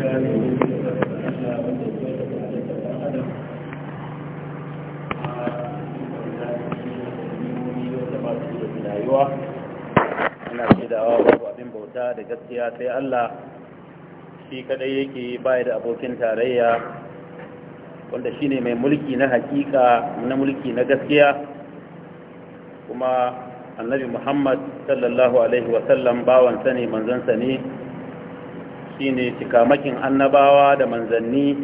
ana shaidawa babu abin bauta da gaskiya sai Allah shi kadai yake bai da abokin tarayya wanda shine mai mulki na hakika na mulki na gaskiya kuma annabi Muhammad sallallahu alaihi wasallam bawansa ne manzansa ne shine cikamakin annabawa da manzanni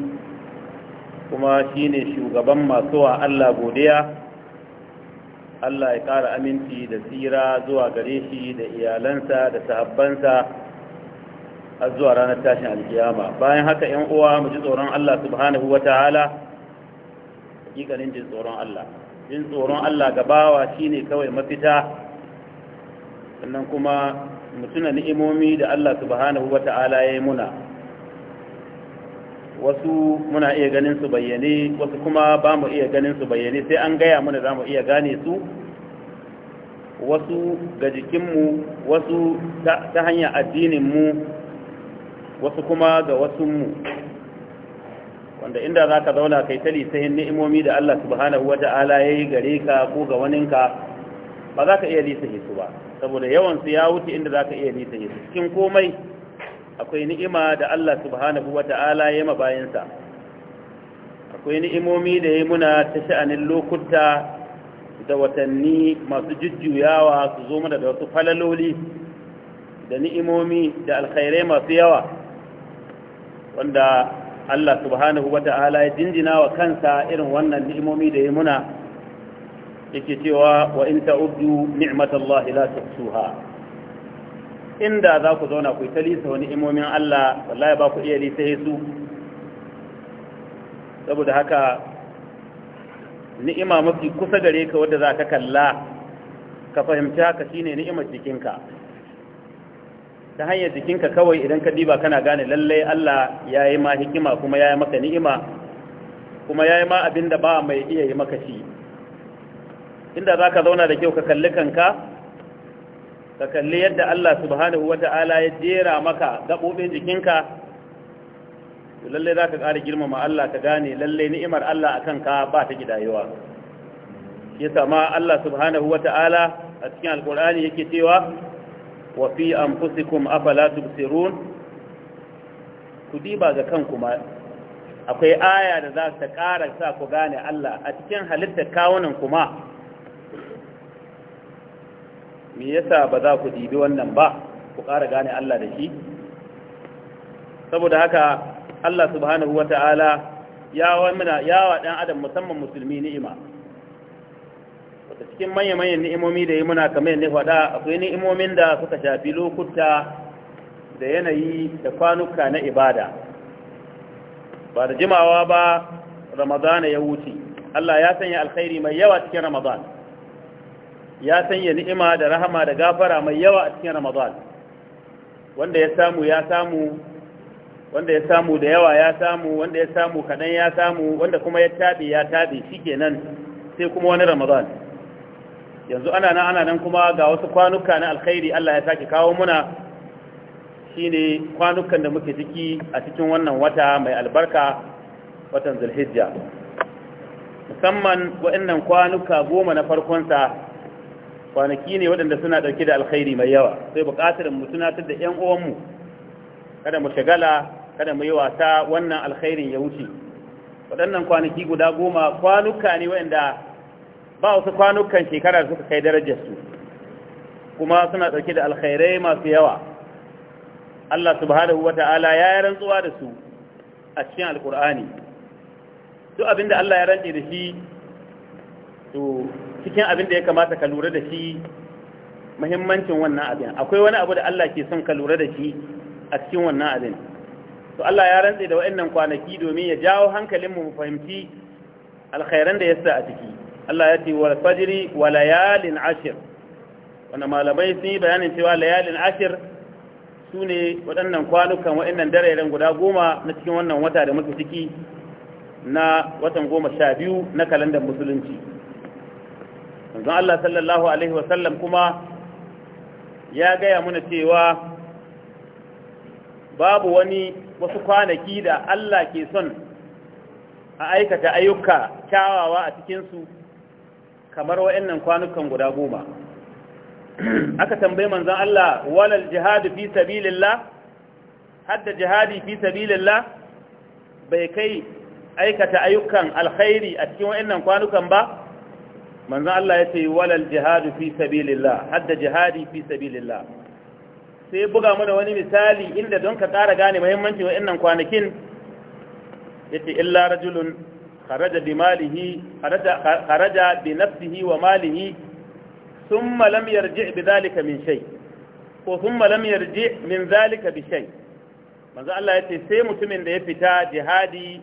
kuma shine shugaban masu wa Allah godiya Allah ya ƙara aminci da tsira zuwa gare shi da iyalansa da sahabbansa har zuwa ranar tashin alkiyama bayan haka yan uwa mu ji tsoron Allah subhanahu wataala hakikanin jin tsoron Allah jin tsoron Allah gabawa shine kawai mafita sannan kuma mutuna ni'imomi da Allah subhanahu wata'ala ya yi muna wasu muna iya ganin su bayyane wasu kuma ba mu iya ganin su bayyane sai an gaya muna za mu iya gane su wasu ga jikinmu wasu ta hanyar addininmu wasu kuma ga wasunmu wanda inda za ka zauna kai ta sai ni'imomi da Allah subhanahu wata'ala ya yi gare ka ko ga waninka ba za ka iya lisa su ba saboda yawan su ya wuce inda zaka iya nisa yi cikin komai akwai ni'ima da Allah subhanahu wata'ala ya ma bayansa akwai ni'imomi da ya muna ta sha'anin lokuta da watanni masu jujjuyawa su zo mana da wasu falaloli da ni'imomi da alkhairai masu yawa wanda Allah subhanahu wata'ala ya jinjina wa kansa irin wannan ni'imomi da ya muna yake cewa wa in ta'uddu ni'matallahi la tuhsuha inda za ku zauna ku tali sa wani imomin Allah wallahi ba ku iya lisa su saboda haka ni'ima mafi kusa gare ka wadda za ka kalla ka fahimci haka shine ni'imar jikinka ta hanyar jikinka kawai idan ka diba kana gane lallai Allah ya yi ma hikima kuma ya yi maka ni'ima kuma ya yi ma abin da ba mai iya yi maka shi inda za ka zauna da kyau ka kalli kanka ka kalli yadda Allah subhanahu wata'ala ya jera maka gaɓoɓin jikinka lallai za ka ƙara girmama Allah ka gane lallai ni'imar Allah a kanka ba ta gidayewa ya sama Allah subhanahu wata'ala a cikin alƙur'ani yake cewa wa fi anfusikum afala tubsirun ku diba ga kanku ma akwai aya da za ta ƙara sa ku gane Allah a cikin halittar kawunan kuma me yasa ba za ku dibi wannan ba ku ƙara gane Allah da shi saboda haka Allah subhanahu wata'ala ya wa mana ya wa adam musamman musulmi ni'ima wata cikin manya-manyan ni'imomi da yi muna kamar yadda faɗa akwai ni'imomin da suka shafi lokuta da yanayi da kwanuka na ibada ba da jimawa ba ramadana ya wuce Allah ya sanya alkhairi mai yawa cikin ramadana ya sanya ni'ima da rahama da gafara mai yawa a cikin ramadan wanda ya samu ya samu wanda ya samu da yawa ya samu wanda ya samu kaɗan ya samu wanda kuma ya taɓe ya taɓe shikenan sai kuma wani ramadan yanzu ana nan ana nan kuma ga wasu kwanuka na alkhairi Allah ya sake kawo muna shine kwanukan da muke ciki a cikin wannan wata mai albarka watan zulhijja musamman waɗannan kwanuka goma na farkonsa kwanaki ne waɗanda suna ɗauke da alkhairi mai yawa sai buƙatar mu tunatar da ƴan uwanmu kada mu shagala kada mu yi wasa wannan alkhairin ya wuce waɗannan kwanaki guda goma kwanuka ne waɗanda ba wasu kwanukan shekara da suka kai darajar su kuma suna ɗauke da alkhairai masu yawa Allah subhanahu wata'ala ya yi rantsuwa da su a cikin alkur'ani duk abinda Allah ya rantse da shi to cikin abin da ya kamata ka lura da shi muhimmancin wannan abin akwai wani abu da Allah ke son ka lura da shi a cikin wannan abin to Allah ya rantse da waɗannan kwanaki domin ya jawo hankalin mu fahimci alkhairan da yasa a ciki Allah ya ce wal fajri wa layalin ashir wannan malamai sun yi bayanin cewa layalin ashir sune ne waɗannan kwanukan dare dararen guda goma na cikin wannan wata da muke ciki na watan goma sha biyu na kalandar musulunci manzon Allah sallallahu alaihi wasallam kuma ya gaya muna cewa babu wani wasu kwanaki da Allah ke son a aikata ayyuka kyawawa a cikinsu kamar nan kwanukan guda goma aka tambayi manzon Allah walal jihadi fi sabilillah hadda jihadi fi sabilillah bai kai aikata ayyukan alkhairi a cikin nan kwanukan ba manzo Allah ya ce walal jihadu fi sabilillah hadda jihadi fi sabilillah sai ya buga da wani misali inda don ka ƙara gane muhimmanci wa wa'annan kwanakin yace illa rajulun kharaja bi malihi kharaja bi nafsihi wa malihi thumma lam yarji bi dhalika min shay ko thumma lam yarji min dhalika bi shay manzo Allah ya ce sai mutumin da ya fita jihadi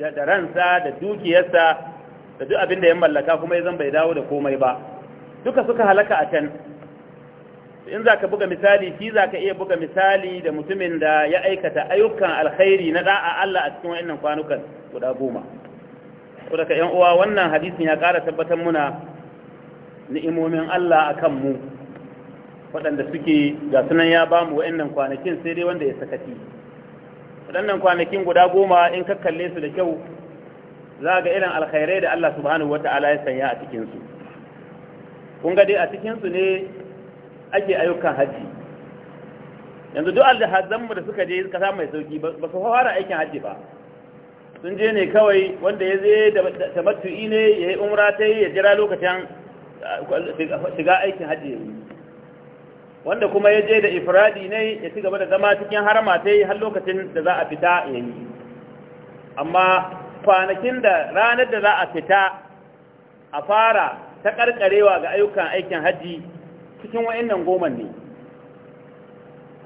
da ransa da dukiyarsa da duk abin da ya mallaka kuma ya zan bai dawo da komai ba duka suka halaka a can in za ka buga misali shi za ka iya buga misali da mutumin da ya aikata ayyukan alkhairi na da'a Allah a cikin wa'annan kwanukan guda goma ko daga yan uwa wannan hadisin ya ƙara tabbatar muna ni'imomin Allah akan mu waɗanda suke ga sunan ya ba mu wa'annan kwanakin sai dai wanda ya sakati waɗannan kwanakin guda goma in ka kalle su da kyau za ga irin alkhairai da Allah subhanahu wa ta'ala ya sanya a cikin su kun ga dai a cikin su ne ake ayyukan haji yanzu duk alhazan mu da suka je samu mai sauki ba su fara aikin haji ba sun je ne kawai wanda ya je da matu'i ne ya yi umra ta ya jira lokacin uh, shiga aikin haji ya yi wanda kuma ya je da ifradi ne ya ci gaba da zama cikin harama ta yi har lokacin da za a fita ya yi amma kwanakin da ranar da za a fita a fara ta karkarewa ga ayyukan aikin hajji cikin wa'annan goma ne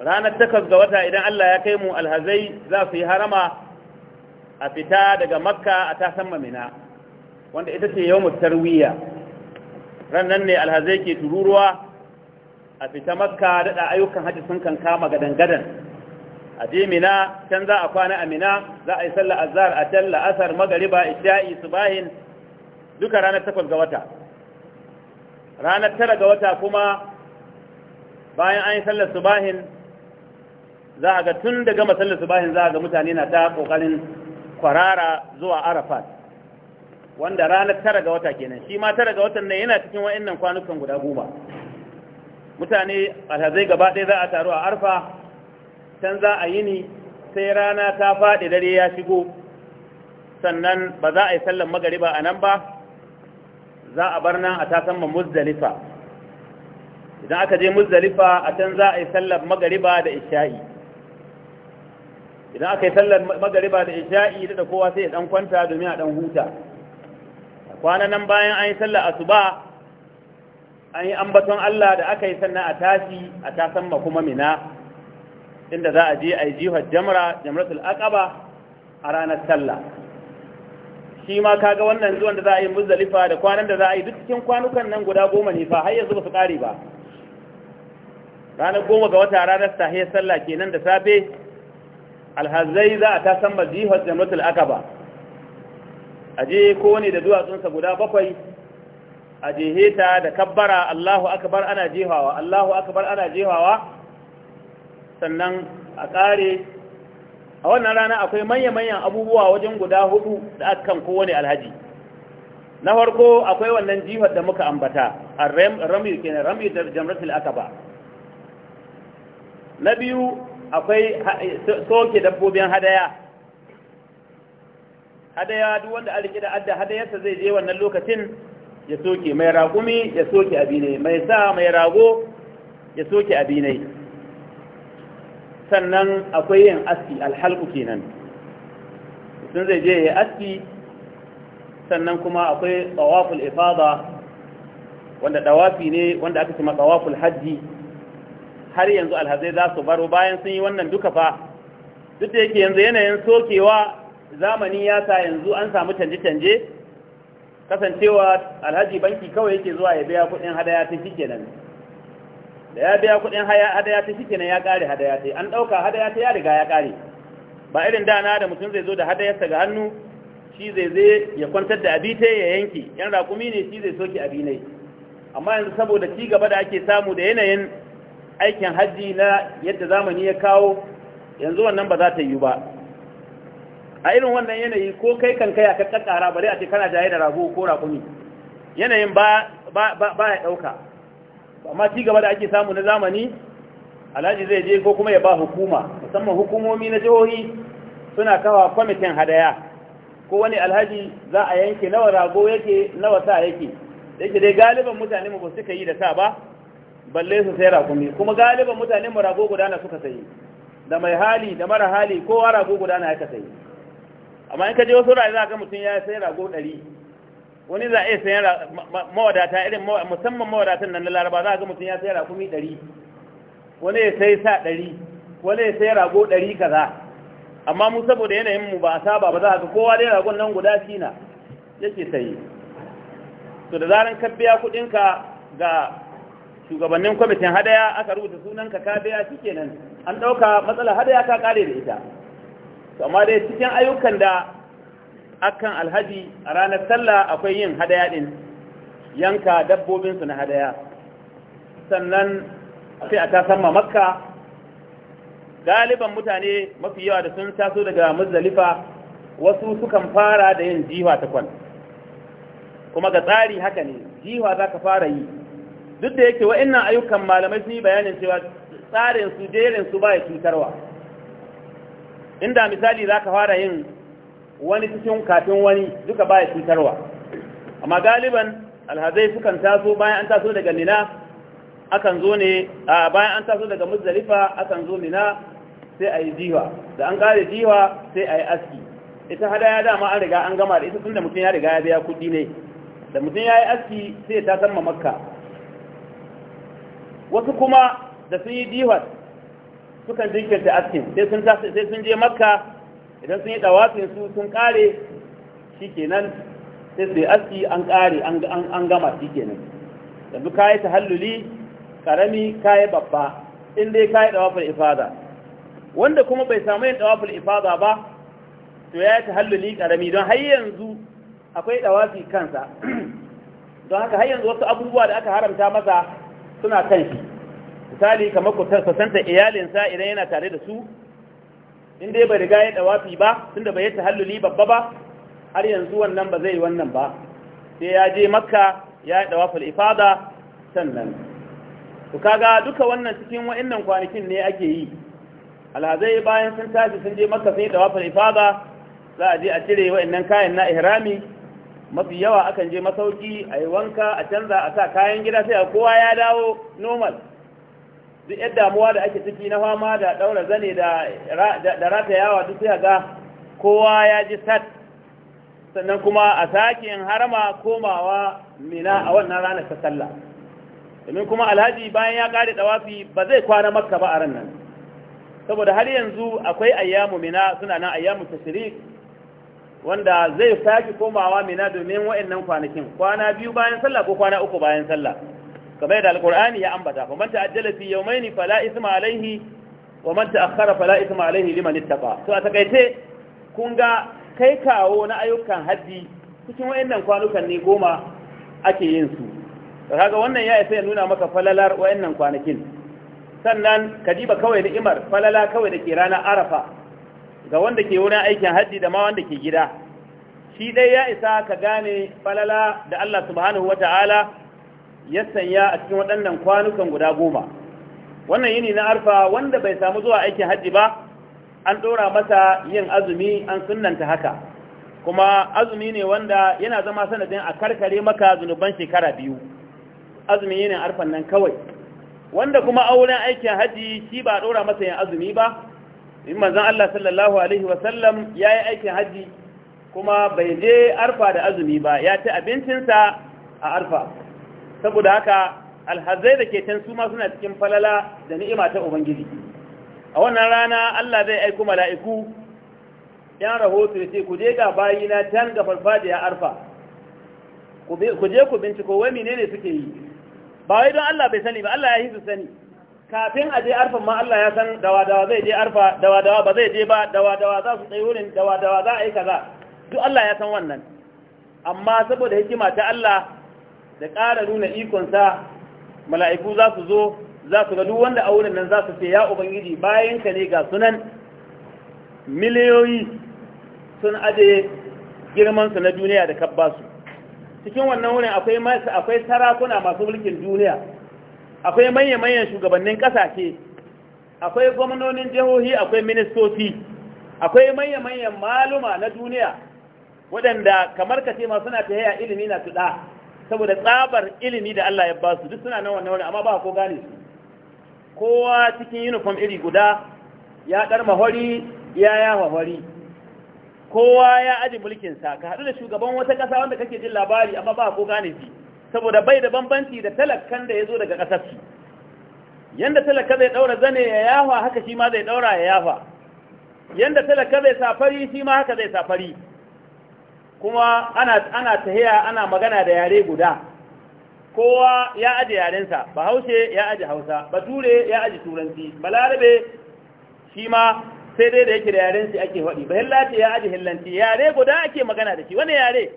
ranar takas ga wata idan Allah ya kai mu alhazai za su yi harama a fita daga makka a tasan mamina wanda ita ce yau tarwiya rannan ne alhazai ke tururuwa a fita makka daɗa ayyukan hajji sun kan kama gadan-gadan a je mina can za a kwana a mina za a yi sallar azhar a talla asar magariba isha'i subahin duka ranar takwas ga wata ranar tara ga wata kuma bayan an yi sallar subahin za a ga tun da gama sallar subahin za a ga mutane na ta kokarin kwarara zuwa arafat wanda ranar tara ga wata kenan shi ma tara ga watan nan yana cikin wa'annan kwanukan guda goma mutane alhazai gaba ɗaya za a taru a arfa can za a yi ni sai rana ta faɗi dare ya shigo sannan ba za a yi sallan magariba a nan ba za a bar nan a ma muzdalifa idan aka je muzdalifa a can za a yi sallan magariba da isha'i idan aka yi sallan magariba da isha'i da kowa sai ya dan kwanta domin a dan huta kwanan nan bayan an yi sallar asuba an yi ambaton Allah da aka yi sannan a tashi a ma kuma mina inda za a je a yi jihar jamra jamratul aqaba a ranar sallah shi ma kaga wannan zuwan da za a yi muzdalifa da kwanan da za a yi duk cikin kwanukan nan guda goma ne fa har yanzu ba su kare ba ranar goma ga wata ranar tahiyar sallah kenan da safe alhazai za a ta san majihar jamratul akaba a je kowane da duwatsunsa guda bakwai a jeheta da kabbara Allahu akbar ana jehawa Allahu akbar ana jehawa sannan a ƙare a wannan rana akwai manya-manyan abubuwa wajen guda hudu da akan kowane alhaji na farko akwai wannan jihar da muka ambata a ramir kenan ramir da jamratul akaba na biyu akwai soke dabbobin hadaya hadaya duk wanda alike da adda hadayarsa zai je wannan lokacin ya soke mai raƙumi ya soke abinai mai sa mai rago ya soke abinai sannan akwai yin aski alhalku kenan mutum zai je ya aski sannan kuma akwai tsawaful ifada wanda dawafi ne wanda aka cima tsawaful hajji har yanzu alhazai za su baro bayan sun yi wannan duka fa duk da yake yanzu yanayin sokewa zamani ya sa yanzu an samu canje-canje kasancewa alhaji banki kawai yake zuwa ya biya kuɗin hadaya ta shi da ya biya kuɗin hadaya ta shi ya ƙare hadaya ta an ɗauka hadaya ta ya riga ya ƙare ba irin dana da mutum zai zo da hadayarsa ga hannu shi zai zai ya kwantar da abi ta ya yanki yan rakumi ne shi zai soke abi ne amma yanzu saboda ci gaba da ake samu da yanayin aikin hajji na yadda zamani ya kawo yanzu wannan ba za ta yi ba a irin wannan yanayi ko kai kan kai a kakkara bare a ce kana jaye da rago ko raƙumi yanayin ba ya ɗauka amma ci gaba da ake samu na zamani alhaji zai je ko kuma ya ba hukuma musamman hukumomi na jihohi suna kawa kwamitin hadaya ko wani alhaji za a yanke nawa rago yake nawa sa yake yake dai galiban mutane mu ba suka yi da sa ba balle su sai rakumi kuma galiban mutane mu rago gudana suka sayi da mai hali da mara hali kowa rago gudana ya ka sayi amma in ka je wasu rayu za ka mutum ya sai rago ɗari wani za a iya sayan mawadata irin musamman mawadatan nan na laraba za a ga mutum ya sayar a rakumi ɗari wani ya sayi sa ɗari wani ya sayi rago ɗari kaza amma mu saboda yanayin mu ba a saba ba za a ga kowa dai ragon nan guda shi na yake sayi to da zaran ka biya kuɗinka ga shugabannin kwamitin hadaya aka rubuta sunan ka biya kenan an ɗauka matsalar hadaya ka ƙare da ita to amma dai cikin ayyukan da akan alhaji a ranar sallah akwai yin hadaya din yanka dabbobinsu na hadaya sannan sai a tasamma makka galiban mutane mafi yawa da sun taso daga Muzalifa wasu sukan fara da yin jiwa ta kuma ga tsari haka ne jiwa za ka fara yi duk da yake wa'annan ayyukan malamai sun bayanin cewa tsarin su jerin su ba ya cutarwa inda misali za ka fara yin wani cikin kafin wani duka baya cutarwa amma galiban alhazai sukan taso bayan an taso daga mina akan zo ne bayan an taso daga muzdalifa akan zo mina sai a yi jiwa da an kare jiwa sai a yi aski ita hadaya dama an riga an gama da ita tun da mutum ya riga ya biya kuɗi ne da mutum ya yi aski sai ta ma makka wasu kuma da sun yi jiwa sukan jinkirta askin sai sun je makka idan sun yi dawafin su sun kare nan sai su aski an kare an gama shi nan yanzu kayi halluli karami kayi babba inda ya kayi dawaful ifada wanda kuma bai samu yin dawaful ifada ba to ya yi ta halluli karami don har yanzu akwai dawafi kansa don haka har yanzu wasu abubuwa da aka haramta masa suna kan shi misali kamar ku tarsasanta iyalinsa idan yana tare da su in dai bai riga ya dawafi ba tunda bai yi tahalluli babba ba har yanzu wannan ba zai wannan ba sai ya je makka ya yi dawaful ifada sannan to kaga duka wannan cikin wa'annan kwanakin ne ake yi alhazai bayan sun tashi sun je makka sun yi dawaful ifada za a je a cire wa'annan kayan na ihrami mafi yawa akan je masauki a yi wanka a canza a sa kayan gida sai a kowa ya dawo normal duk yadda damuwa da ake ciki na fama da daura zane da ratayawa duk ya ga kowa ya ji sat sannan kuma a sake harma harama komawa mina a wannan ranar ta sallah domin kuma alhaji bayan ya kare dawafi ba zai kwana makka ba a ran nan saboda har yanzu akwai ayyamu mina suna nan ayyamu tashrik wanda zai sake komawa mina domin wa'annan kwanakin kwana biyu bayan sallah ko kwana uku bayan sallah kamar yadda alkur'ani ya ambata fa man ta'ajjala fi yawmayn fala isma alayhi wa man ta'akhkhara fala isma alayhi liman to a takaice kun ga kai kawo na ayyukan haddi cikin wayannan kwanukan ne goma ake yin su kaga wannan ya isa ya nuna maka falalar wayannan kwanakin sannan ka diba kawai ni'imar falala kawai da ke ranar arafa ga wanda ke wurin aikin haddi da ma wanda ke gida shi dai ya isa ka gane falala da Allah subhanahu wataala ya sanya a cikin waɗannan kwanukan guda goma wannan yini na arfa wanda bai samu zuwa aikin hajji ba an ɗora masa yin azumi an sunanta haka kuma azumi ne wanda yana zama sanadin a karkare maka zunuban shekara biyu azumi yinin arfan nan kawai wanda kuma auren aikin hajji shi ba ɗora masa yin azumi ba in manzon Allah sallallahu alaihi wasallam ya yi aikin hajji kuma bai je arfa da azumi ba ya ci abincinsa a arfa saboda haka alhazai da ke can su ma suna cikin falala da ni'ima ta ubangiji a wannan rana Allah zai aiko mala'iku yan rahoto ya ce ku je ga bayina can ga farfajiya arfa ku je ku binciko wai ne suke yi ba wai don Allah bai sani ba Allah ya yi su sani kafin a je arfan ma Allah ya san dawa-dawa zai je arfa dawa-dawa ba zai je ba dawa-dawa za su tsaye wurin dawa-dawa za a yi kaza duk Allah ya san wannan amma saboda hikima ta Allah da ƙara nuna ikonsa mala'iku za su zo za su ga duk wanda a wurin nan za su ce ya ubangiji bayan ka ne ga sunan miliyoyi sun aje girmansu na duniya da kabba su cikin wannan wurin akwai sarakuna masu mulkin duniya akwai manya-manyan shugabannin ƙasashe akwai gwamnonin jihohi akwai ministoci akwai manya-manyan maluma na duniya waɗanda kamar ka ce masu na ta ilimi na tuɗa saboda tsabar ilimi da Allah ya ba su duk suna nan wannan wani amma ba ko gane su kowa cikin uniform iri guda ya dar mahori ya ya mahori kowa ya aji mulkin sa ka hadu da shugaban wata kasa wanda kake jin labari amma ba ko gane shi saboda bai da bambanci da talakkan da yazo daga kasar su yanda talaka zai daura zane ya yafa haka shi ma zai daura ya yafa yanda talaka zai safari shi ma haka zai safari kuma ana ana tahiya ana magana da yare guda kowa ya aji yarensa bahaushe ya aji hausa bature ya aji turanci balarabe shi ma sai dai da yake da yarensa ake faɗi bahillati ya aji hillanci yare guda ake magana da shi wani yare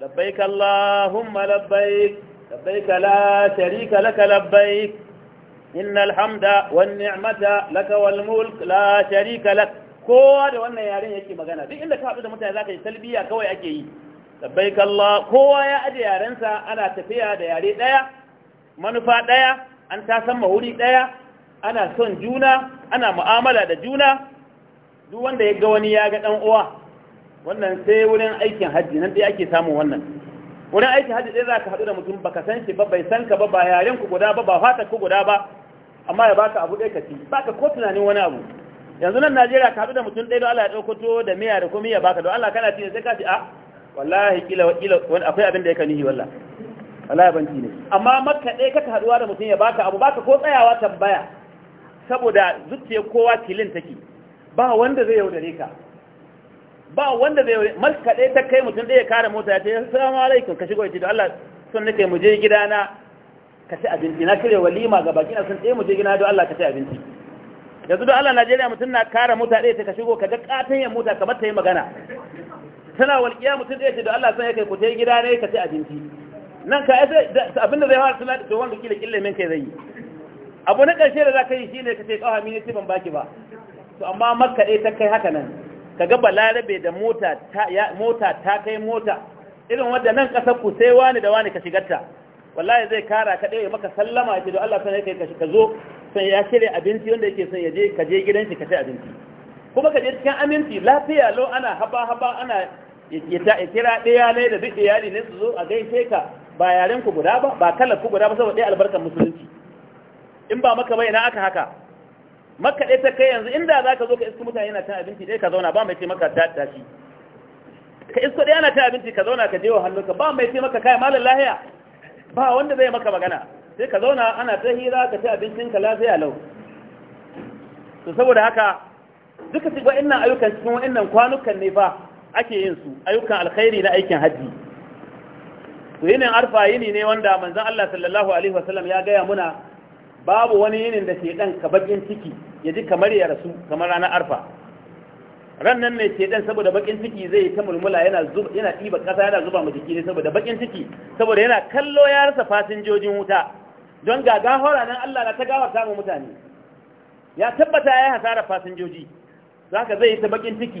labbaik allahumma labbaik labbaik la sharika laka labbaik innal hamda wan ni'mata laka wal mulk la sharika laka kowa da wannan yaren yake magana duk inda ka haɗu da mutane za ka yi talbiya kawai ake yi labbaik Allah kowa ya aje yarensa ana tafiya da yare ɗaya manufa ɗaya an ta san mahuri ɗaya ana son juna ana mu'amala da juna duk wanda ya ga wani ya ga ɗan uwa wannan sai wurin aikin hajji nan dai ake samun wannan wurin aikin hajji dai za ka haɗu da mutum ba ka san shi ba bai san ka ba ba yaren ku guda ba ba fatar ku guda ba amma ya baka abu ɗaya ka ci baka ko tunanin wani abu yanzu nan Najeriya ka haɗu da mutum ɗaya don Allah ya ɗauko to da miya da komai ya baka don Allah kana cinye sai ka ce a ah, wallahi kila kila wani akwai abin da yake nihi wallah wallahi banci ne amma makka ɗaya kaka haɗuwa da mutum ya baka abu baka ko tsayawa tambaya saboda zuciyar kowa kilin take ba wanda zai yaudare ka ba wanda zai yaudare makka ɗaya ta kai mutum ɗaya ya kare mota ya ce assalamu alaikum ka shigo ya ce don Allah son nake mu je gidana ka ci abinci na kire walima ga baki na sun ɗaya mu je gidana don Allah ka ci abinci yanzu da Allah Najeriya mutum na kara mota ɗaya ta ka shigo ka ga yin mota kamar ta yi magana tana walƙiya mutum ɗaya ce da Allah san ya kai ku ta gida ne ka a abinci nan ka yasa abinda zai hawa suna da wanda kila kille min kai zai yi abu na ƙarshe da za ka yi shi ne ka ce ƙawa mini ban baki ba to amma makka ɗaya ta kai haka nan ka ga balarabe da mota ta kai mota irin wadda nan ƙasar ku sai wani da wani ka shigarta wallahi zai kara ka dai maka sallama yake ce don Allah sai kai ka zo sai ya shirye abinci wanda yake son ya je ka je gidan shi ka ci abinci kuma ka je cikin aminci lafiya lau ana haba haba ana ya kira ɗaya ne da duk iyali ne su zo a gaishe ka ba yaren ku guda ba ba kalar ku guda ba saboda ɗaya albarkar musulunci in ba maka bai ina aka haka makka ɗaya ta kai yanzu inda za ka zo ka isku mutane yana cin abinci ɗaya ka zauna ba mai ce maka ta tashi ka isko ɗaya yana cin abinci ka zauna ka je wa hannunka ba mai ce maka kai malam lahiya ba wanda zai maka magana sai ka zauna ana ta hira ka ci abincinka lafiya lau to saboda haka duka cikin wa'annan ayyukan cikin wa'annan kwanukan ne fa ake yin su ayyukan alkhairi na aikin hajji to yinin arfa yini ne wanda manzon Allah sallallahu alaihi wasallam ya gaya muna babu wani yinin da ke ka bakin ciki ya ji kamar ya rasu kamar ranar arfa rannan ne dan saboda bakin ciki zai ta mulmula yana zuba yana diba kasa yana zuba mu jiki ne saboda bakin ciki saboda yana kallo ya rasa fasinjojin wuta don ga gahora nan Allah na ta gawarta mu mutane ya tabbata yayi hasara fasinjoji zaka zai ta bakin ciki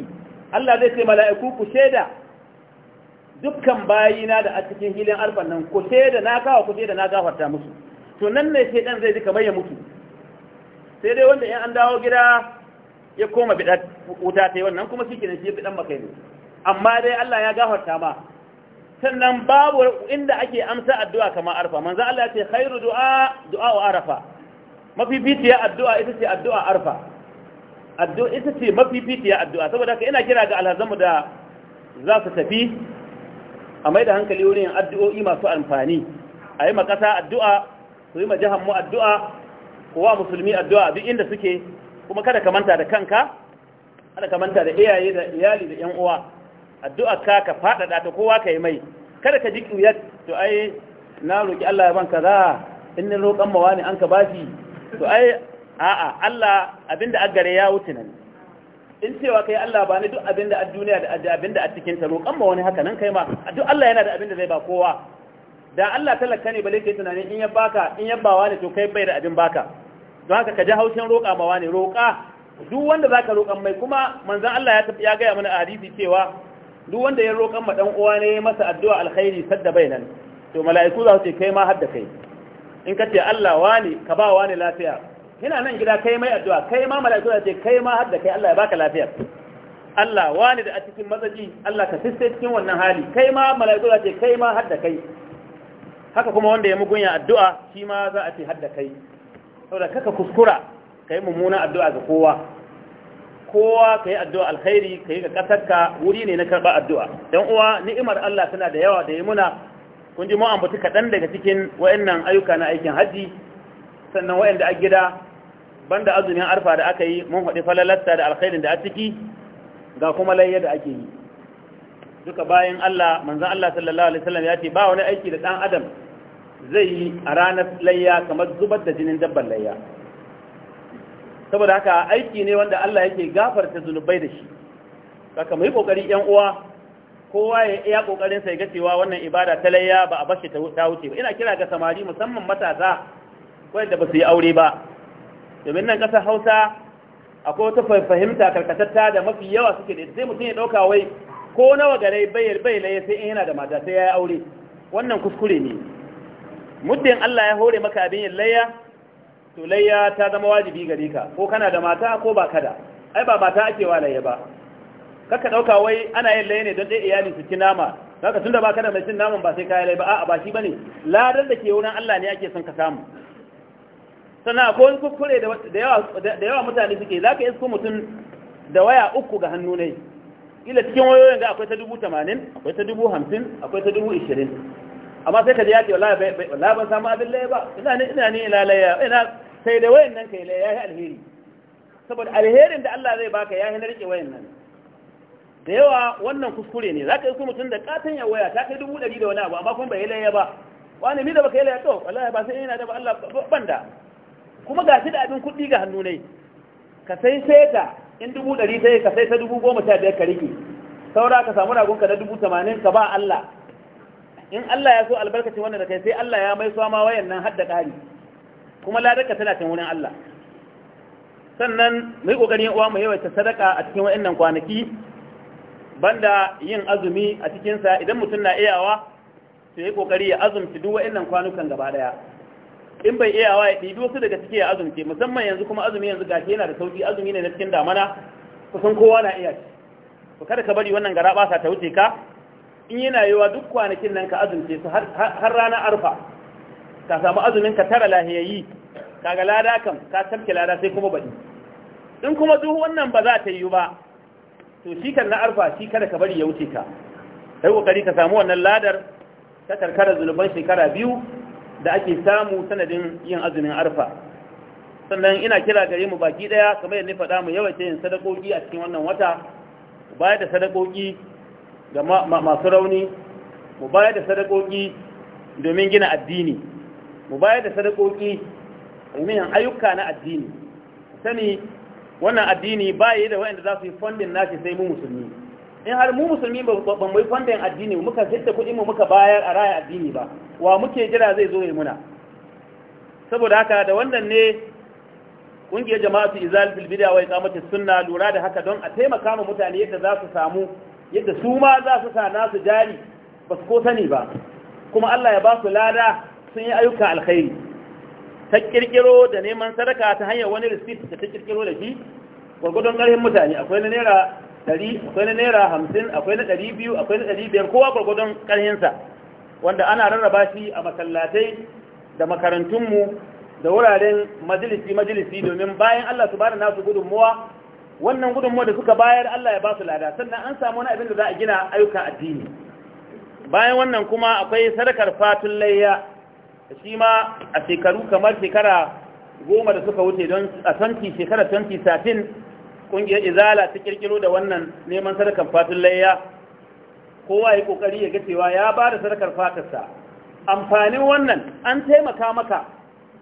Allah zai ce mala'iku ku sheda dukkan bayina da a cikin hilin arfan nan ku sheda na kawo ku sheda na gafarta musu to nan ne shedan zai ji kamar ya mutu sai dai wanda in an dawo gida ya koma bidar wuta ta yi wannan kuma shi kenan shi ya dan makai ne amma dai Allah ya gafarta ma sannan babu inda ake amsa addu'a kamar arfa manzo Allah ya ce khairu du'a du'a arfa. arafa mafifitiya addu'a ita ce addu'a arfa addu'a ita ce mafifitiya addu'a saboda haka ina kira ga alhazamu da za su tafi a mai da hankali wurin addu'o'i masu amfani a yi makasa addu'a su yi majahan mu addu'a kowa musulmi addu'a duk inda suke kuma kada ka manta da kanka kada ka manta da iyaye da iyali da yan uwa addu'a ka ka faɗaɗa ta kowa ka yi mai kada ka ji kuyat to ai na roƙi Allah ya ban kaza in ni roƙan mawa ne an ka bashi to ai a'a Allah abinda aggare ya wuce nan in cewa kai Allah ba ni duk abinda a duniya da abinda a cikin ta roƙan ma wani haka nan kai ma duk Allah yana da abinda zai ba kowa da Allah talaka ne bale kai tunanin in ya baka in ya bawa ne to kai bai da abin baka don haka ka ji haushin roƙa mawa ne roƙa duk wanda za ka roƙan mai kuma manzan Allah ya gaya mana hadisi cewa duk wanda ya roƙan ma uwa ne masa addu'a alkhairi sadda bai nan to mala'iku za su ce kai ma hadda kai in ka ce Allah wani ka ba wani lafiya yana nan gida kai mai addu'a kai ma mala'iku za su ce kai ma hadda kai Allah ya baka lafiya Allah wani da a cikin mazaji Allah ka sisse cikin wannan hali kai ma mala'iku za su ce kai ma hadda kai haka kuma wanda ya mugunya addu'a shi ma za a ce hadda kai saboda kaka kuskura ka yi mummuna addu'a ga kowa kowa ka yi addu'a alkhairi ka yi ga ƙasarka wuri ne na karɓar addu'a don uwa ni'imar Allah suna da yawa da yi muna kun ji ma'ambaci kaɗan daga cikin wa'yannan ayyuka na aikin hajji sannan wa'yanda a gida banda azumin arfa da aka yi mun haɗi falalasta da alkhairin da a ciki ga kuma layya da ake yi duka bayan Allah manzan Allah sallallahu alaihi wasallam ya ce ba wani aiki da ɗan adam zai yi a ranar layya kamar zubar da jinin dabban layya saboda haka aiki ne wanda Allah yake gafarta zunubai da shi kaka mu yi kokari yan uwa kowa ya iya kokarin sai ga cewa wannan ibada ta layya ba a bashi ta wuce ba ina kira ga samari musamman matasa wanda ba su yi aure ba domin nan kasar Hausa akwai wata fahimta karkatatta da mafi yawa suke da sai mutum ya dauka wai ko nawa gare bai bai layya sai in yana da mata sai ya yi aure wannan kuskure ne muddin Allah ya hore maka abin yin layya to layya ta zama wajibi gare ka ko kana da mata ko ba kada ai ba mata ake wa layya ba kaka dauka wai ana yin layya ne don dai iyali su ci nama zaka tunda ba da mai cin naman ba sai kai layya ba a'a ba shi bane ladan da ke wurin Allah ne ake son ka samu sannan akwai wani kuskure da yawa da yawa mutane suke zaka isko mutum da waya uku ga hannu ne ila cikin wayoyin ga akwai ta dubu tamanin akwai ta dubu hamsin akwai ta dubu amma sai ka ji ya ce ban samu abin laye ba ina ne ina ne lalaya ina sai da wayan nan kai laye yi alheri saboda alherin da Allah zai baka ya na narke wayan nan da yawa wannan kuskure ne ka yi kuma mutum da katan ya waya ta kai dubu ɗari da wani abu amma kuma bai laye ba wani mi da baka yi laye to wallahi ba sai ina da ba Allah banda kuma ga shi da abin kuɗi ga hannu ne ka sai sai ta in dubu ɗari sai ka sai ta dubu goma sha biyar ka rike saura ka samu ragunka na dubu tamanin ka ba Allah in Allah ya so albarkacin wannan da kai sai Allah ya mai sama wayan nan hadda kari kuma ladarka tana cin wurin Allah sannan mai ƙoƙarin uwa mu yawaita sadaka a cikin wayannan kwanaki banda yin azumi a cikinsa idan mutum na iyawa to yi ƙoƙari ya azumci duk wayannan kwanukan gaba daya in bai iyawa ya ɗibi wasu daga ciki ya azumce musamman yanzu kuma azumi yanzu gashi yana da sauki azumi ne na cikin damana kusan kowa na iya shi kada ka bari wannan gara ba ta wuce ka in yana yiwa duk kwanakin nan ka azumce su har rana arfa ka samu azumin ka tara lahiyayi kaga lada kam ka tarke lada sai kuma bari in kuma duk wannan ba za ta yi ba to shi kan na arfa shi kada ka bari ya wuce ka sai kokari ka samu wannan ladar ta karkara zuluban shekara biyu da ake samu sanadin yin azumin arfa sannan ina kira gare mu baki daya kamar yadda faɗa mu yawaita yin sadakoki a cikin wannan wata baya da sadakoki ga masu rauni mu bayar da sadakoki domin gina addini mu bayar da sadakoki domin ayyuka na addini sani wannan addini ba yi da wayanda za su yi fondin nashi sai mu musulmi in har mu musulmi ba mu yi fondin addini muka fitta kuɗi mu muka bayar a raya addini ba wa muke jira zai zo ya muna saboda haka da wannan ne kungiyar su izal bil bid'a wa iqamati sunna lura da haka don a taimaka ma mutane yadda za su samu yadda su ma za su sa nasu jari ba su ko sani ba kuma Allah ya ba su lada sun yi ayyuka alkhairi ta kirkiro da neman sadaka ta hanyar wani receipt da ta kirkiro da shi gwargwadon ƙarfin mutane akwai na naira ɗari akwai na naira hamsin akwai na ɗari biyu akwai na ɗari biyar kowa gwargwadon ƙarfinsa wanda ana rarraba shi a masallatai da makarantunmu da wuraren majalisi majalisi domin bayan Allah su bada nasu gudunmuwa wannan gudunmu da suka bayar Allah ya ba su lada sannan an samu wani abin da za a gina ayyukan addini bayan wannan kuma akwai sarkar fatun layya shi ma a shekaru kamar shekara goma da suka wuce don a 20 shekara 2013 kungiyar izala ta kirkiro da wannan neman sadakar fatun layya kowa ya kokari ya ga cewa ya ba da sadakar fatarsa amfanin wannan an taimaka maka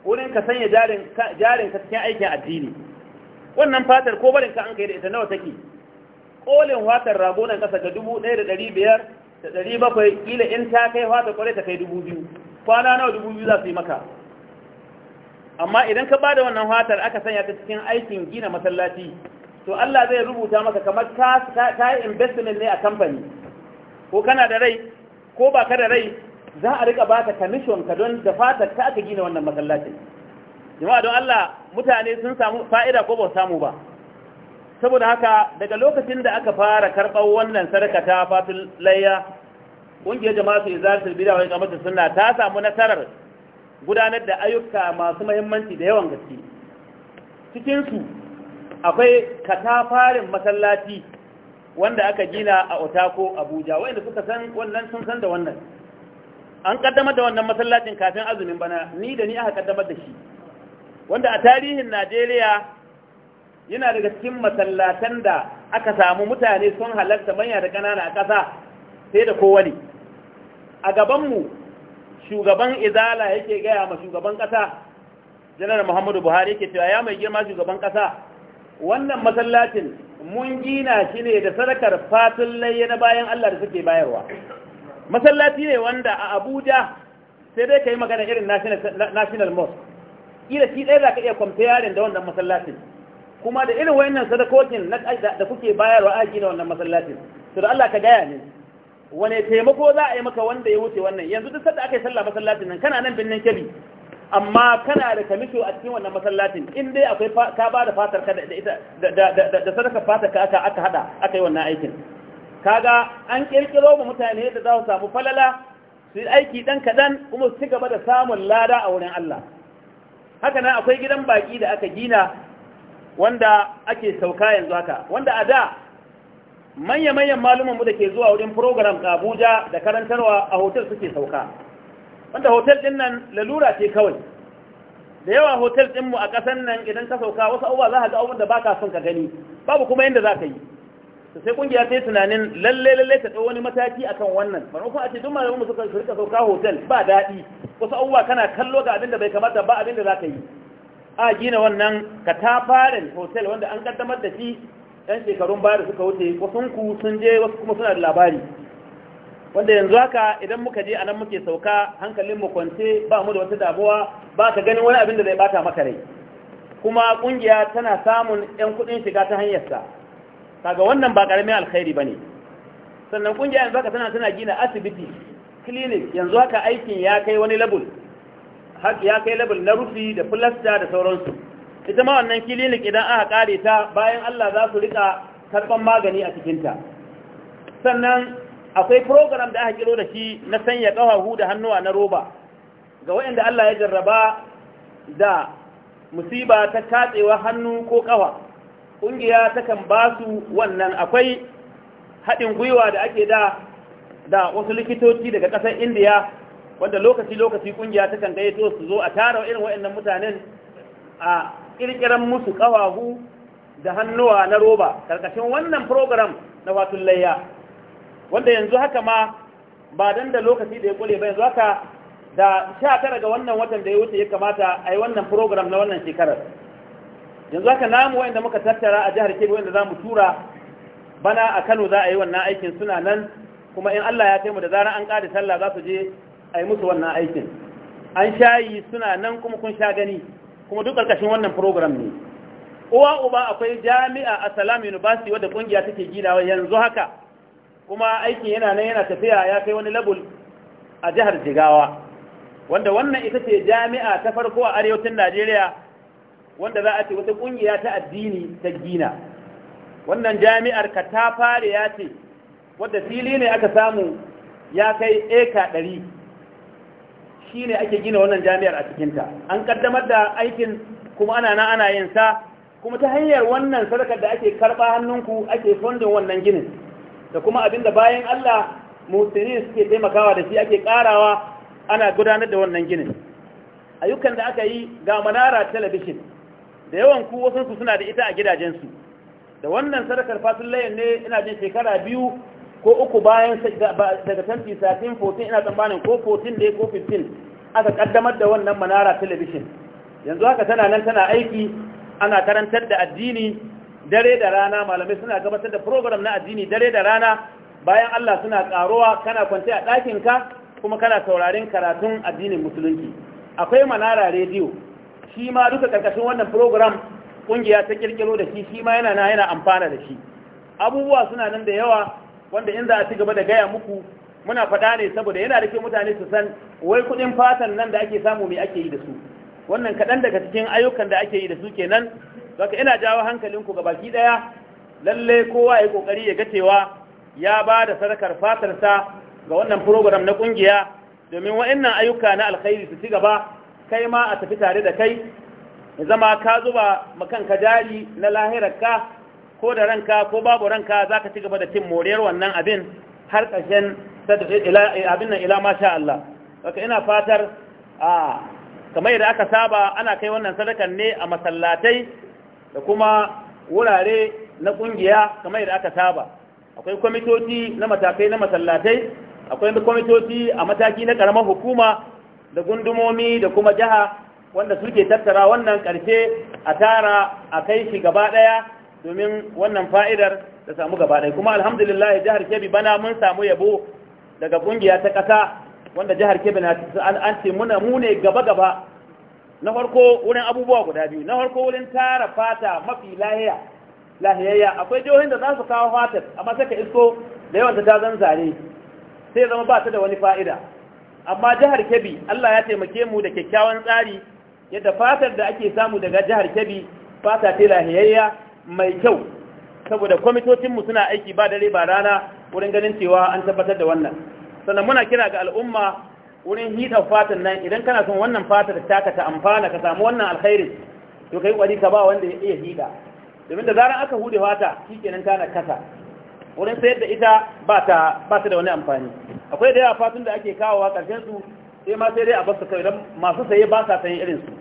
wurin ka sanya jarin ka cikin aikin addini wannan fatar ko barin ka an kai da ita nawa take kolin fatar rago nan kasa ga dubu da ɗari biyar da ɗari kila in ta kai fatar kwarai ta kai dubu kwana nawa dubu za su yi maka amma idan ka bada wannan fatar aka sanya ta cikin aikin gina masallaci to Allah zai rubuta maka kamar ka ta investment ne a kamfani ko kana da rai ko ba ka da rai za a rika baka commission ka don da fatar ta aka gina wannan masallacin jama'a don Allah mutane sun samu fa'ida ko ba samu ba saboda haka daga lokacin da aka fara karɓar wannan sadaka ta fatul layya ƙungiyar jama'a su izalatul bid'a wa iqamatus sunna ta samu nasarar gudanar da ayyuka masu muhimmanci da yawan gaske cikinsu akwai katafarin masallaci wanda aka gina a Otako Abuja wanda suka san wannan sun san da wannan an kaddamar da wannan masallacin kafin azumin bana ni da ni aka kaddamar da shi wanda a tarihin Najeriya yana daga cikin masallatan da aka samu mutane sun halarta manya da ƙanana a ƙasa sai da kowane a gabanmu shugaban izala yake gaya ma shugaban ƙasa janar muhammadu buhari yake cewa ya mai girma shugaban ƙasa wannan masallacin mun gina shi ne da sadakar fatun layya na bayan allah da suke bayarwa masallaci ne wanda a abuja sai dai ka yi magana irin national mosque kila shi ɗaya za ka iya kwamta yarin da wannan masallacin kuma da irin wayannan sadakokin da kuke bayarwa a gina wannan masallacin to da Allah ka gaya ne wane taimako za a yi maka wanda ya wuce wannan yanzu duk sanda aka sallah masallacin nan kana nan binnin kebi amma kana da kamisho a cikin wannan masallacin in dai akwai ka ba da fatar ka da ita da sadaka fatar ka aka aka hada akai wannan aikin kaga an kirkiro mu mutane da za su samu falala su yi aiki dan kadan kuma su ci gaba da samun lada a wurin Allah haka nan akwai gidan baki da aka gina wanda ake sauka yanzu haka wanda a da manya-manyan malumanmu da ke zuwa wurin program ga abuja da karantarwa a hotel suke sauka wanda hotel din nan lalura ce kawai da yawa hotel dinmu a ƙasan nan idan ka sauka wasu abubuwa za ka ga abubuwan da ba ka son ka gani babu kuma yadda za ka yi to sai kungiya ta yi tunanin lalle lalle ta ɗau wani mataki akan wannan maimakon a ce duk malamin suka rika sauka hotel ba daɗi wasu abubuwa kana kallo ga abin da bai kamata ba abin da za ka yi a gina wannan katafaren hotel wanda an kaddamar da shi yan shekarun baya da suka wuce wasu ku sun je wasu kuma suna da labari wanda yanzu haka idan muka je anan muke sauka hankalin mu kwance ba mu da wata damuwa ba ka ganin wani abin da zai bata maka rai kuma kungiya tana samun yan kuɗin shiga ta hanyar sa kaga wannan ba karamin alkhairi ne sannan kungiya yanzu haka tana tana gina asibiti clinic yanzu haka aikin ya kai wani level ya kai level na rufi da plaster da sauransu ita ma wannan clinic idan aka kare ta bayan Allah za su rika karban magani a cikin ta sannan akwai program da aka kiro da shi na sanya kafahu da hannuwa na roba ga waɗanda Allah ya jarraba da musiba ta katsewa hannu ko kafa ƙungiya takan ba su wannan akwai haɗin gwiwa da ake da da wasu likitoci daga ƙasar indiya wanda lokaci-lokaci ƙungiya takan gayyato su zo a tara irin waɗannan mutanen a ƙirƙiran musu ƙawahu da hannuwa na roba ƙarƙashin wannan program na watun layya wanda yanzu haka ma ba dan da lokaci da ya ƙule ba yanzu haka da sha tara ga wannan watan da ya wuce ya kamata a yi wannan program na wannan shekarar yanzu haka namu wanda muka tattara a jihar Kebbi wanda zamu tura bana a Kano za a yi wannan aikin suna nan kuma in Allah ya kai da zarar an ƙare sallah za su je a yi musu wannan aikin an shayi suna nan kuma kun sha gani kuma duk ƙarƙashin wannan program ne uwa uba akwai jami'a a Salam University wadda kungiya take gidawa yanzu haka kuma aikin yana nan yana tafiya ya kai wani label a jihar Jigawa wanda wannan ita ce jami'a ta farko a arewacin Najeriya wanda za a ce wata kungiya ta addini ta gina wannan jami'ar ka ta fare ya ce wadda fili ne aka samu ya kai eka ɗari shi ne ake gina wannan jami'ar a cikinta an kaddamar da aikin kuma ana na ana yin sa kuma ta hanyar wannan sadakar da ake karɓa hannunku ake fondin wannan ginin da kuma abin da bayan Allah musulmi suke taimakawa da shi ake karawa ana gudanar da wannan ginin ayyukan da aka yi ga manara talabishin da yawan ku wasu suna da ita a gidajen su, da wannan sadakar fatin layin ne ina jin shekara biyu ko uku bayan daga satin 14 ina tsammanin ko 14 ne ko 15 aka kaddamar da wannan manara television yanzu haka tana nan tana aiki ana karantar da addini dare da rana malamai suna gabatar da program na addini dare da rana bayan Allah suna karuwa kana kwance a ka kuma kana saurarin karatun addinin musulunci akwai manara rediyo shi ma duka ƙarƙashin wannan program ƙungiya ta ƙirƙiro da shi shi ma yana na yana amfana da shi abubuwa suna nan da yawa wanda in za a ci gaba da gaya muku muna faɗa ne saboda yana da mutane su san wai kuɗin fatan nan da ake samu me ake yi da su wannan kaɗan daga cikin ayyukan da ake yi da su kenan zaka ina jawo hankalinku ga baki ɗaya lalle kowa ya ƙoƙari ya ga cewa ya ba da sadakar fatarsa ga wannan program na ƙungiya, domin wa'annan ayyuka na alkhairi su ci gaba kai ma a tafi tare da kai in zama ka zuba makanka jari na lahirarka ko da ranka ko babu ranka za ka ci gaba da cin moriyar wannan abin har ƙarshen abin nan ila masha Allah waka ina fatar a kamar yadda aka saba ana kai wannan sadakan ne a masallatai da kuma wurare na ƙungiya kamar yadda aka saba akwai kwamitoci na matakai na masallatai akwai kwamitoci a mataki na ƙaramar hukuma da gundumomi da kuma jiha wanda suke tattara wannan ƙarshe a tara a kai shi gaba ɗaya domin wannan fa'idar da samu gaba ɗaya kuma alhamdulillah jihar kebbi bana mun samu yabo daga ƙungiya ta ƙasa wanda jihar kebbi na an ce muna mu ne gaba-gaba na farko wurin abubuwa guda biyu na farko wurin tara fata mafi lahiya lahiyayya akwai jihohin da za su kawo fatar amma saka isko da yawan ta zan sai zama ba ta da wani fa'ida amma jihar Kebbi Allah ya taimake mu da kyakkyawan tsari yadda fatar da ake samu daga jihar Kebbi fata ce lahiyayya mai kyau saboda kwamitocin mu suna aiki ba dare ba rana wurin ganin cewa an tabbatar da wannan sannan muna kira ga al'umma wurin hidda fatan nan idan kana son wannan fatar taka ta amfana ka samu wannan alkhairi to kai kwari ka ba wanda ya iya hida domin da zaran aka hude fata shikenan kana kasa wurin sayar da ita ba ta da wani amfani akwai da yawa fatun da ake kawo karshen su sai ma sai dai a basu kai masu saye ba sa sayan irin su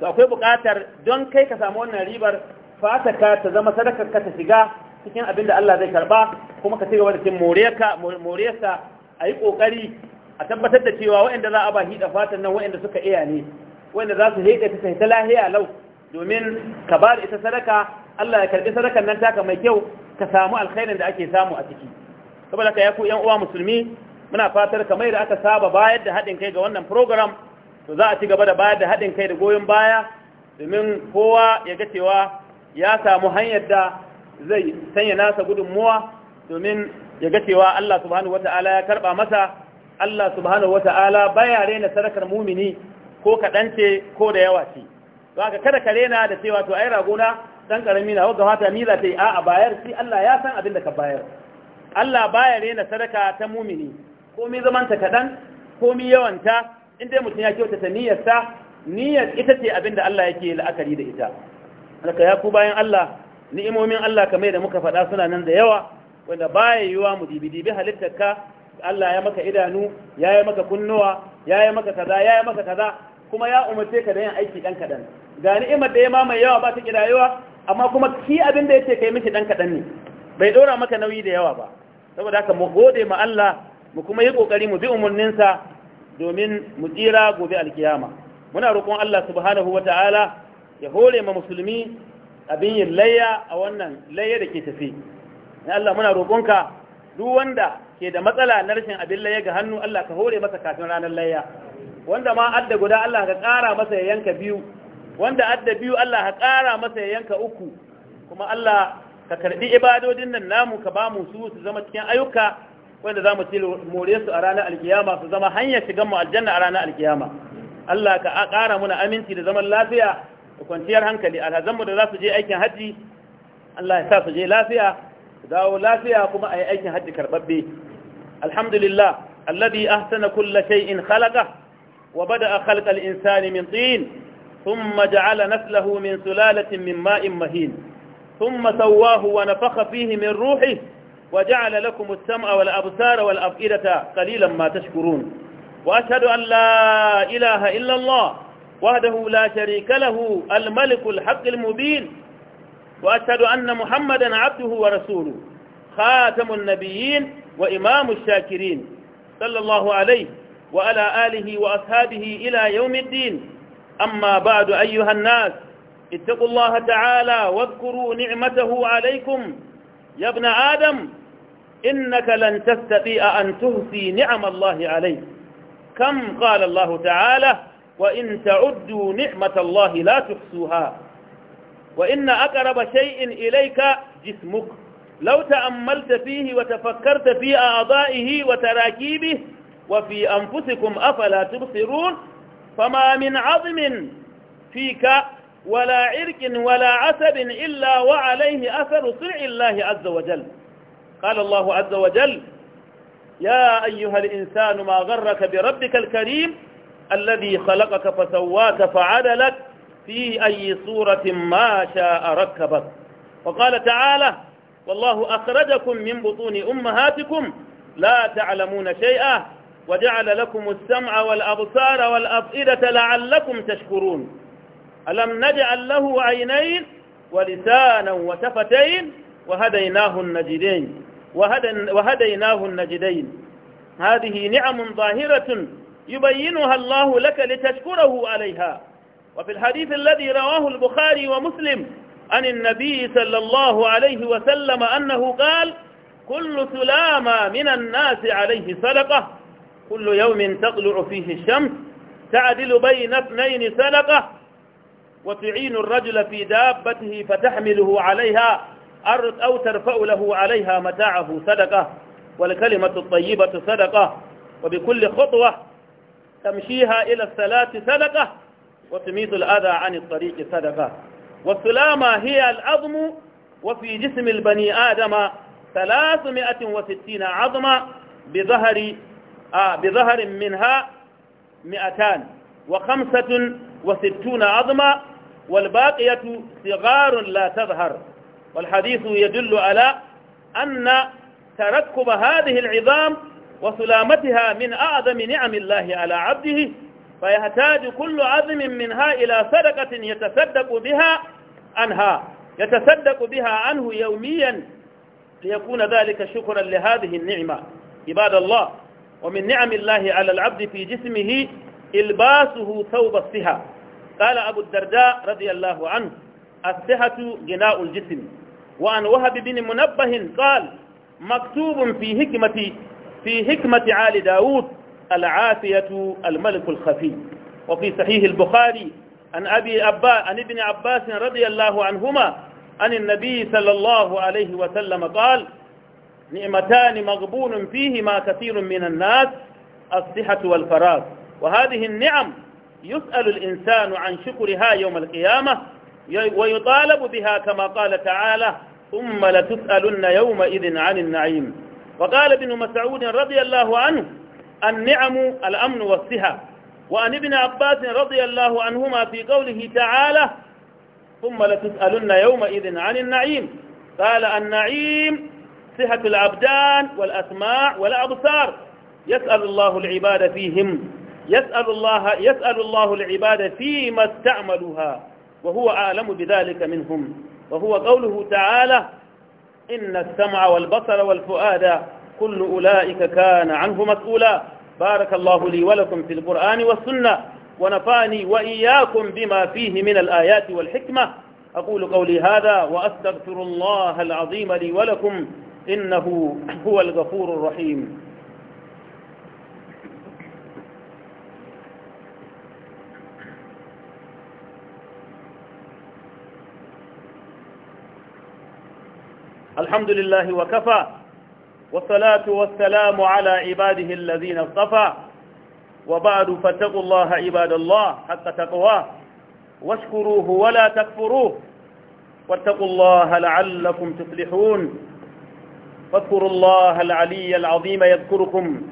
to akwai buƙatar don kai ka samu wannan ribar fata ka ta zama sadakar ka ta shiga cikin abin da Allah zai karba kuma ka cigaba da cin moriyarka moriyarsa a yi ƙoƙari a tabbatar da cewa waɗanda za a ba hida fatan nan waɗanda suka iya ne waɗanda za su hede ta sai ta lahiya lau domin ka ba da ita sadaka Allah ya karbi sadakan nan taka mai kyau ka samu alkhairin da ake samu a ciki saboda ka yaku yan uwa musulmi muna fatar kamar da aka saba bayar da haɗin kai ga wannan program to za a ci gaba da bayar da haɗin kai da goyon baya domin kowa ya ga cewa ya samu hanyar da zai sanya nasa gudunmuwa domin ya ga cewa Allah subhanahu wata'ala ya karba masa Allah subhanahu wata'ala baya rena sadakar mumini ko kaɗan ce ko da yawa ce to haka kada ka rena da cewa to ai ragona dan karami na ga mata miza ta yi a'a bayar sai Allah ya san abin da ka bayar Allah baya rena sadaka ta mumini komai zaman ta kadan komai yawan ta in dai mutum ya kyauta ta niyyar niyyar ita ce abin da Allah yake la'akari da ita alaka ya ku bayan Allah ni'imomin Allah kamar da muka faɗa suna nan da yawa wanda baya yiwa mu dibidibi halittarka Allah ya maka idanu ya yi maka kunnuwa ya yi maka kaza ya yi maka kaza kuma ya umarce ka da yin aiki ɗan kaɗan ga ni'imar da ya mamaye yawa ba ta kidayewa amma kuma ki abin da ya ce kai miki dan kaɗan ne bai dora maka nauyi da yawa ba saboda haka mu gode ma Allah mu kuma yi kokari mu bi umurnin sa domin mu tsira gobe alkiyama muna roƙon Allah subhanahu ta'ala ya hore ma musulmi abin yin layya a wannan layya da ke tafi ya Allah muna roƙonka duk wanda ke da matsala na rashin abin layya ga hannu Allah ka hore masa kafin ranar layya wanda ma adda guda Allah ka ƙara masa ya yanka biyu wanda adda biyu Allah ka ƙara masa ya yanka uku kuma Allah ka karɓi ibadodin nan namu ka ba mu su su zama cikin ayyuka wanda za mu ci more su a ranar alkiyama su zama hanyar shigan mu aljanna a ranar alkiyama Allah ka ƙara muna aminci da zaman lafiya da kwanciyar hankali alhazanmu da za su je aikin hajji Allah ya sa su je lafiya su dawo lafiya kuma a yi aikin hajji karɓaɓɓe alhamdulillah alladhi ahsana kulla shay'in khalaqa wa bada'a khalqal insani min tin ثم جعل نسله من سلالة من ماء مهين ثم سواه ونفخ فيه من روحه وجعل لكم السمع والأبصار والأفئدة قليلا ما تشكرون وأشهد أن لا إله إلا الله وحده لا شريك له الملك الحق المبين وأشهد أن محمدا عبده ورسوله خاتم النبيين وإمام الشاكرين صلى الله عليه وعلى آله وأصحابه إلى يوم الدين أما بعد أيها الناس اتقوا الله تعالى واذكروا نعمته عليكم يا ابن آدم إنك لن تستطيع أن تهسي نعم الله عليك كم قال الله تعالى وإن تعدوا نعمة الله لا تحصوها وإن أقرب شيء إليك جسمك لو تأملت فيه وتفكرت في أعضائه وتراكيبه وفي أنفسكم أفلا تبصرون فما من عظم فيك ولا عرق ولا عسب إلا وعليه أثر صنع الله عز وجل قال الله عز وجل يا أيها الإنسان ما غرك بربك الكريم الذي خلقك فسواك فعدلك في أي صورة ما شاء ركبك وقال تعالى والله أخرجكم من بطون أمهاتكم لا تعلمون شيئا وجعل لكم السمع والأبصار والأفئدة لعلكم تشكرون ألم نجعل له عينين ولسانا وشفتين وهديناه النجدين وهديناه النجدين هذه نعم ظاهرة يبينها الله لك لتشكره عليها وفي الحديث الذي رواه البخاري ومسلم عن النبي صلى الله عليه وسلم أنه قال كل سلامة من الناس عليه صدقة كل يوم تطلع فيه الشمس تعدل بين اثنين سلقة وتعين الرجل في دابته فتحمله عليها أو ترفع له عليها متاعه صدقة والكلمة الطيبة صدقة وبكل خطوة تمشيها إلى الصلاة صدقة وتميز الأذى عن الطريق صدقة والسلامة هي العظم وفي جسم البني آدم ثلاثمائة وستين عظمة بظهر آه بظهر منها مئتان وخمسة وستون عظما والباقية صغار لا تظهر والحديث يدل على أن تركب هذه العظام وسلامتها من أعظم نعم الله على عبده فيحتاج كل عظم منها إلى صدقة يتصدق بها عنها يتصدق بها عنه يوميا ليكون ذلك شكرا لهذه النعمة عباد الله ومن نعم الله على العبد في جسمه إلباسه ثوب الصحة قال أبو الدرداء رضي الله عنه الصحة جناء الجسم وعن وهب بن منبه قال مكتوب في حكمة في حكمة آل داود العافية الملك الخفي وفي صحيح البخاري عن أبي أبا عن ابن عباس رضي الله عنهما عن النبي صلى الله عليه وسلم قال نعمتان مغبون فيهما كثير من الناس الصحة والفراغ وهذه النعم يسأل الإنسان عن شكرها يوم القيامة ويطالب بها كما قال تعالى ثم لتسألن يومئذ عن النعيم وقال ابن مسعود رضي الله عنه النعم الأمن والصحة وعن ابن عباس رضي الله عنهما في قوله تعالى ثم لتسألن يومئذ عن النعيم قال النعيم صحة الأبدان والأسماع والأبصار يسأل الله العباد فيهم يسأل الله يسأل الله العباد فيما استعملوها وهو أعلم بذلك منهم وهو قوله تعالى إن السمع والبصر والفؤاد كل أولئك كان عنه مسؤولا بارك الله لي ولكم في القرآن والسنة ونفاني وإياكم بما فيه من الآيات والحكمة أقول قولي هذا وأستغفر الله العظيم لي ولكم إنه هو الغفور الرحيم الحمد لله وكفى والصلاة والسلام على عباده الذين اصطفى وبعد فاتقوا الله عباد الله حق تقواه واشكروه ولا تكفروه واتقوا الله لعلكم تفلحون فاذكروا الله العلي العظيم يذكركم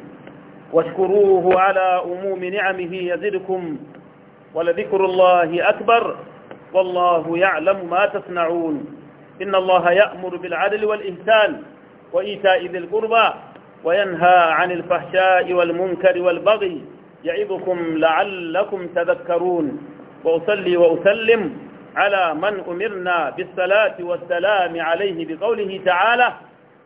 واشكروه على أموم نعمه يزدكم ولذكر الله أكبر والله يعلم ما تصنعون إن الله يأمر بالعدل والإحسان وإيتاء ذي القربى وينهى عن الفحشاء والمنكر والبغي يعظكم لعلكم تذكرون وأصلي وأسلم على من أمرنا بالصلاة والسلام عليه بقوله تعالى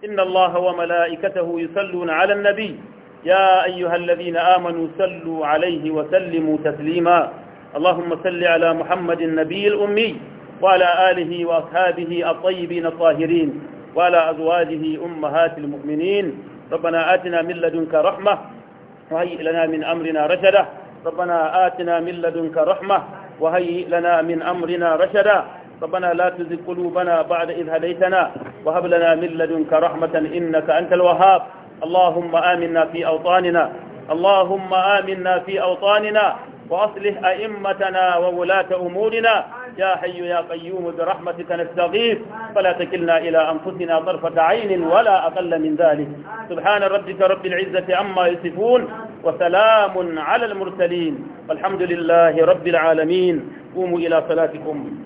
إن الله وملائكته يصلون على النبي يا أيها الذين آمنوا صلوا عليه وسلموا تسليما اللهم صل على محمد النبي الأمي وعلى آله وأصحابه الطيبين الطاهرين وعلى أزواجه أمهات المؤمنين ربنا آتنا من لدنك رحمة وهيئ لنا من أمرنا رشدا ربنا آتنا من لدنك رحمة وهيئ لنا من أمرنا رشدا ربنا لا تزغ قلوبنا بعد إذ هديتنا وهب لنا من لدنك رحمة إنك أنت الوهاب اللهم آمنا في أوطاننا اللهم آمنا في أوطاننا وأصلح أئمتنا وولاة أمورنا يا حي يا قيوم برحمتك نستغيث فلا تكلنا إلى أنفسنا طرفة عين ولا أقل من ذلك سبحان ربك رب العزة عما يصفون وسلام على المرسلين والحمد لله رب العالمين قوموا إلى صلاتكم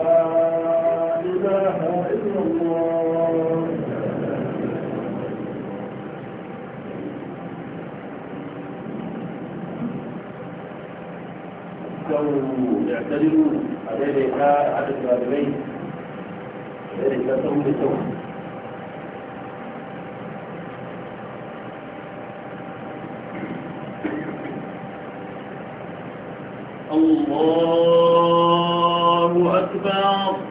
كانوا يعتدلوا عليه أحد الكاذبين ذلك لهم بالسوء الله أكبر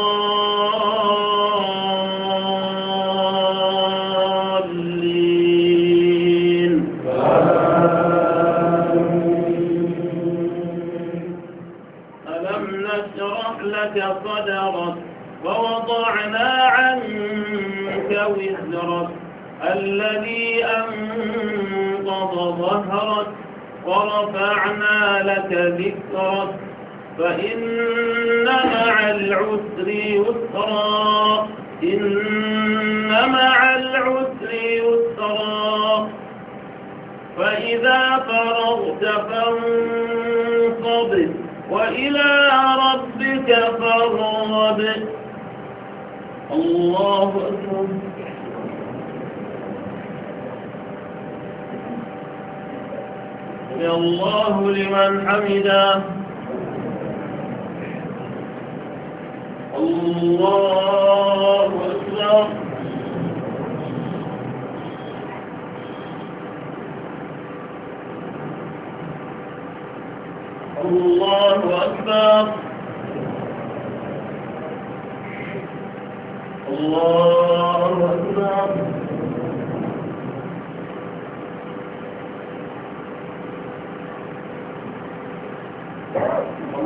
ورفعنا لك ذكرك فإن مع العسر يسرا إن مع العسر يسرا فإذا فرغت فانصب وإلى ربك فارغب الله أكبر سمي الله لمن حمده الله أكبر الله أكبر الله أكبر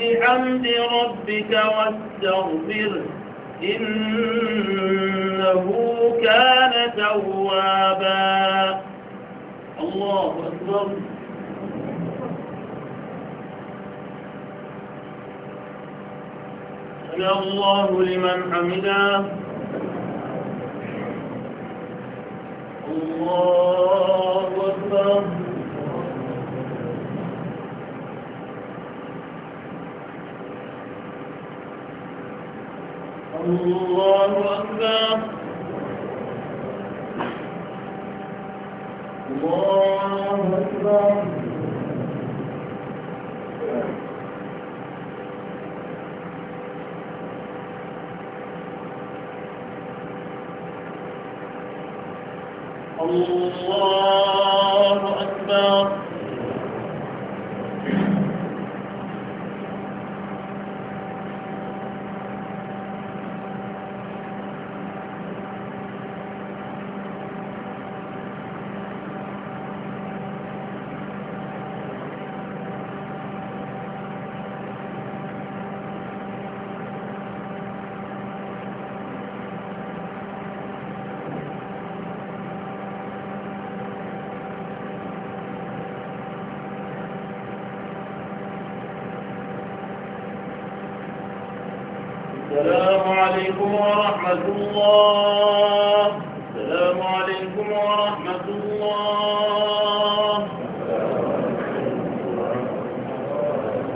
بحمد ربك واستغفره إنه كان توابا الله أكبر سمع الله لمن حمده الله